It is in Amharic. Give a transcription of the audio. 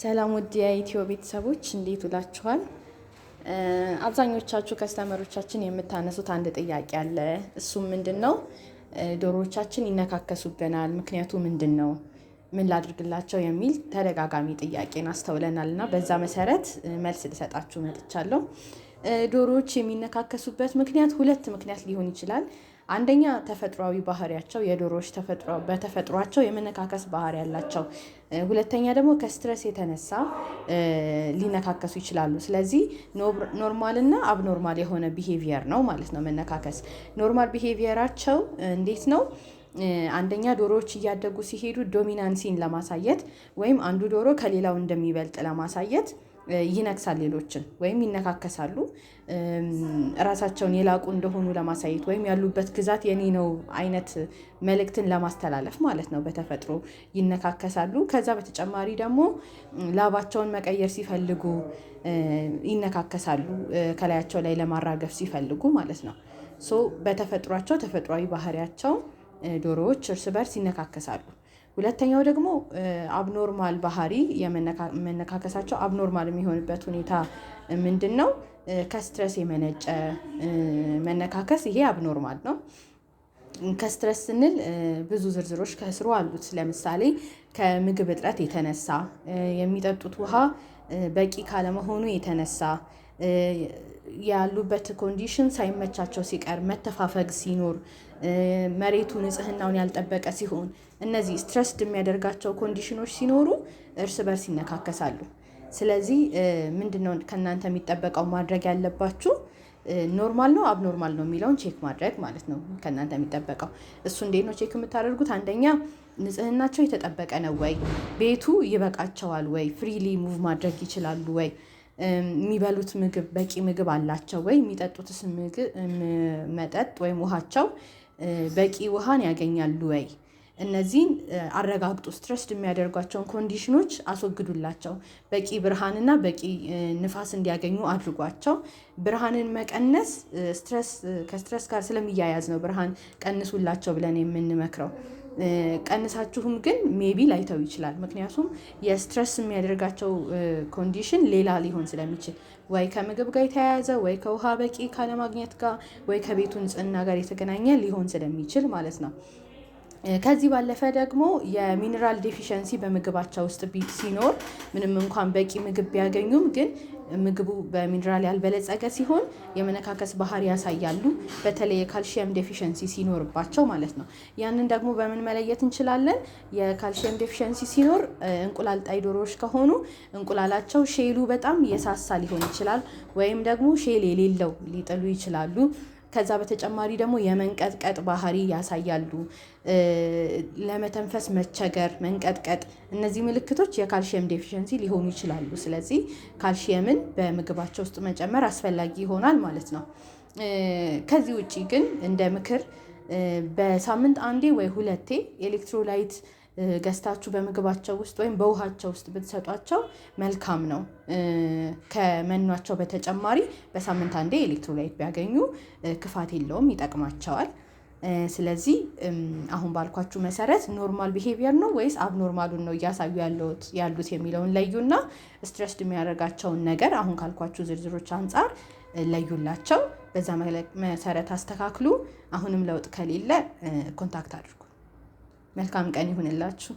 ሰላም ውድ የኢትዮ ቤተሰቦች እንዴት ውላችኋል? አብዛኞቻችሁ ከስተመሮቻችን የምታነሱት አንድ ጥያቄ አለ። እሱም ምንድን ነው? ዶሮዎቻችን ይነካከሱብናል፣ ምክንያቱ ምንድን ነው? ምን ላድርግላቸው? የሚል ተደጋጋሚ ጥያቄን አስተውለናል እና በዛ መሰረት መልስ ልሰጣችሁ መጥቻለሁ። ዶሮዎች የሚነካከሱበት ምክንያት ሁለት ምክንያት ሊሆን ይችላል። አንደኛ ተፈጥሯዊ ባህሪያቸው የዶሮዎች በተፈጥሯቸው የመነካከስ ባህሪ ያላቸው፣ ሁለተኛ ደግሞ ከስትረስ የተነሳ ሊነካከሱ ይችላሉ። ስለዚህ ኖርማል እና አብኖርማል የሆነ ቢሄቪየር ነው ማለት ነው መነካከስ። ኖርማል ቢሄቪየራቸው እንዴት ነው? አንደኛ ዶሮዎች እያደጉ ሲሄዱ ዶሚናንሲን ለማሳየት ወይም አንዱ ዶሮ ከሌላው እንደሚበልጥ ለማሳየት ይነክሳል ሌሎችን ወይም ይነካከሳሉ። እራሳቸውን የላቁ እንደሆኑ ለማሳየት ወይም ያሉበት ግዛት የኔ ነው አይነት መልእክትን ለማስተላለፍ ማለት ነው። በተፈጥሮ ይነካከሳሉ። ከዛ በተጨማሪ ደግሞ ላባቸውን መቀየር ሲፈልጉ ይነካከሳሉ፣ ከላያቸው ላይ ለማራገፍ ሲፈልጉ ማለት ነው። ሶ በተፈጥሯቸው ተፈጥሯዊ ባህሪያቸው ዶሮዎች እርስ በርስ ይነካከሳሉ። ሁለተኛው ደግሞ አብኖርማል ባህሪ መነካከሳቸው አብኖርማል የሚሆንበት ሁኔታ ምንድን ነው? ከስትረስ የመነጨ መነካከስ፣ ይሄ አብኖርማል ነው። ከስትረስ ስንል ብዙ ዝርዝሮች ከስሩ አሉት። ለምሳሌ ከምግብ እጥረት የተነሳ የሚጠጡት ውሃ በቂ ካለመሆኑ የተነሳ ያሉበት ኮንዲሽን ሳይመቻቸው ሲቀር መተፋፈግ ሲኖር መሬቱ ንጽህናውን ያልጠበቀ ሲሆን እነዚህ ስትረስድ የሚያደርጋቸው ኮንዲሽኖች ሲኖሩ እርስ በርስ ይነካከሳሉ። ስለዚህ ምንድነው ከእናንተ የሚጠበቀው ማድረግ ያለባችሁ ኖርማል ነው አብኖርማል ነው የሚለውን ቼክ ማድረግ ማለት ነው ከእናንተ የሚጠበቀው። እሱ እንዴት ነው ቼክ የምታደርጉት? አንደኛ ንጽህናቸው የተጠበቀ ነው ወይ? ቤቱ ይበቃቸዋል ወይ? ፍሪሊ ሙቭ ማድረግ ይችላሉ ወይ? የሚበሉት ምግብ በቂ ምግብ አላቸው ወይ? የሚጠጡትስ መጠጥ ወይም ውሃቸው በቂ ውሃን ያገኛሉ ወይ? እነዚህን አረጋግጡ። ስትረስድ የሚያደርጓቸውን ኮንዲሽኖች አስወግዱላቸው። በቂ ብርሃንና በቂ ንፋስ እንዲያገኙ አድርጓቸው። ብርሃንን መቀነስ ስትረስ ከስትረስ ጋር ስለሚያያዝ ነው ብርሃን ቀንሱላቸው ብለን የምንመክረው ቀንሳችሁም ግን ሜቢ ላይተው ይችላል። ምክንያቱም የስትረስ የሚያደርጋቸው ኮንዲሽን ሌላ ሊሆን ስለሚችል ወይ ከምግብ ጋር የተያያዘ ወይ ከውሃ በቂ ካለማግኘት ጋር ወይ ከቤቱ ንጽህና ጋር የተገናኘ ሊሆን ስለሚችል ማለት ነው። ከዚህ ባለፈ ደግሞ የሚኒራል ዴፊሸንሲ በምግባቸው ውስጥ ሲኖር ምንም እንኳን በቂ ምግብ ቢያገኙም ግን ምግቡ በሚኒራል ያልበለጸገ ሲሆን የመነካከስ ባህሪ ያሳያሉ፣ በተለይ የካልሽየም ዴፊሸንሲ ሲኖርባቸው ማለት ነው። ያንን ደግሞ በምን መለየት እንችላለን? የካልሽየም ዴፊሸንሲ ሲኖር እንቁላል ጣይ ዶሮዎች ከሆኑ እንቁላላቸው ሼሉ በጣም የሳሳ ሊሆን ይችላል፣ ወይም ደግሞ ሼል የሌለው ሊጥሉ ይችላሉ። ከዛ በተጨማሪ ደግሞ የመንቀጥቀጥ ባህሪ ያሳያሉ። ለመተንፈስ መቸገር፣ መንቀጥቀጥ እነዚህ ምልክቶች የካልሽየም ዴፊሸንሲ ሊሆኑ ይችላሉ። ስለዚህ ካልሽየምን በምግባቸው ውስጥ መጨመር አስፈላጊ ይሆናል ማለት ነው። ከዚህ ውጭ ግን እንደ ምክር በሳምንት አንዴ ወይ ሁለቴ ኤሌክትሮላይት ገዝታችሁ በምግባቸው ውስጥ ወይም በውሃቸው ውስጥ ብትሰጧቸው መልካም ነው። ከመኗቸው በተጨማሪ በሳምንት አንዴ ኤሌክትሮላይት ቢያገኙ ክፋት የለውም፣ ይጠቅማቸዋል። ስለዚህ አሁን ባልኳችሁ መሰረት ኖርማል ቢሄቪየር ነው ወይስ አብኖርማሉን ነው እያሳዩ ያሉት የሚለውን ለዩና ስትረስድ የሚያደርጋቸውን ነገር አሁን ካልኳችሁ ዝርዝሮች አንጻር ለዩላቸው። በዛ መሰረት አስተካክሉ። አሁንም ለውጥ ከሌለ ኮንታክት አድርጉ። መልካም ቀን ይሁንላችሁ።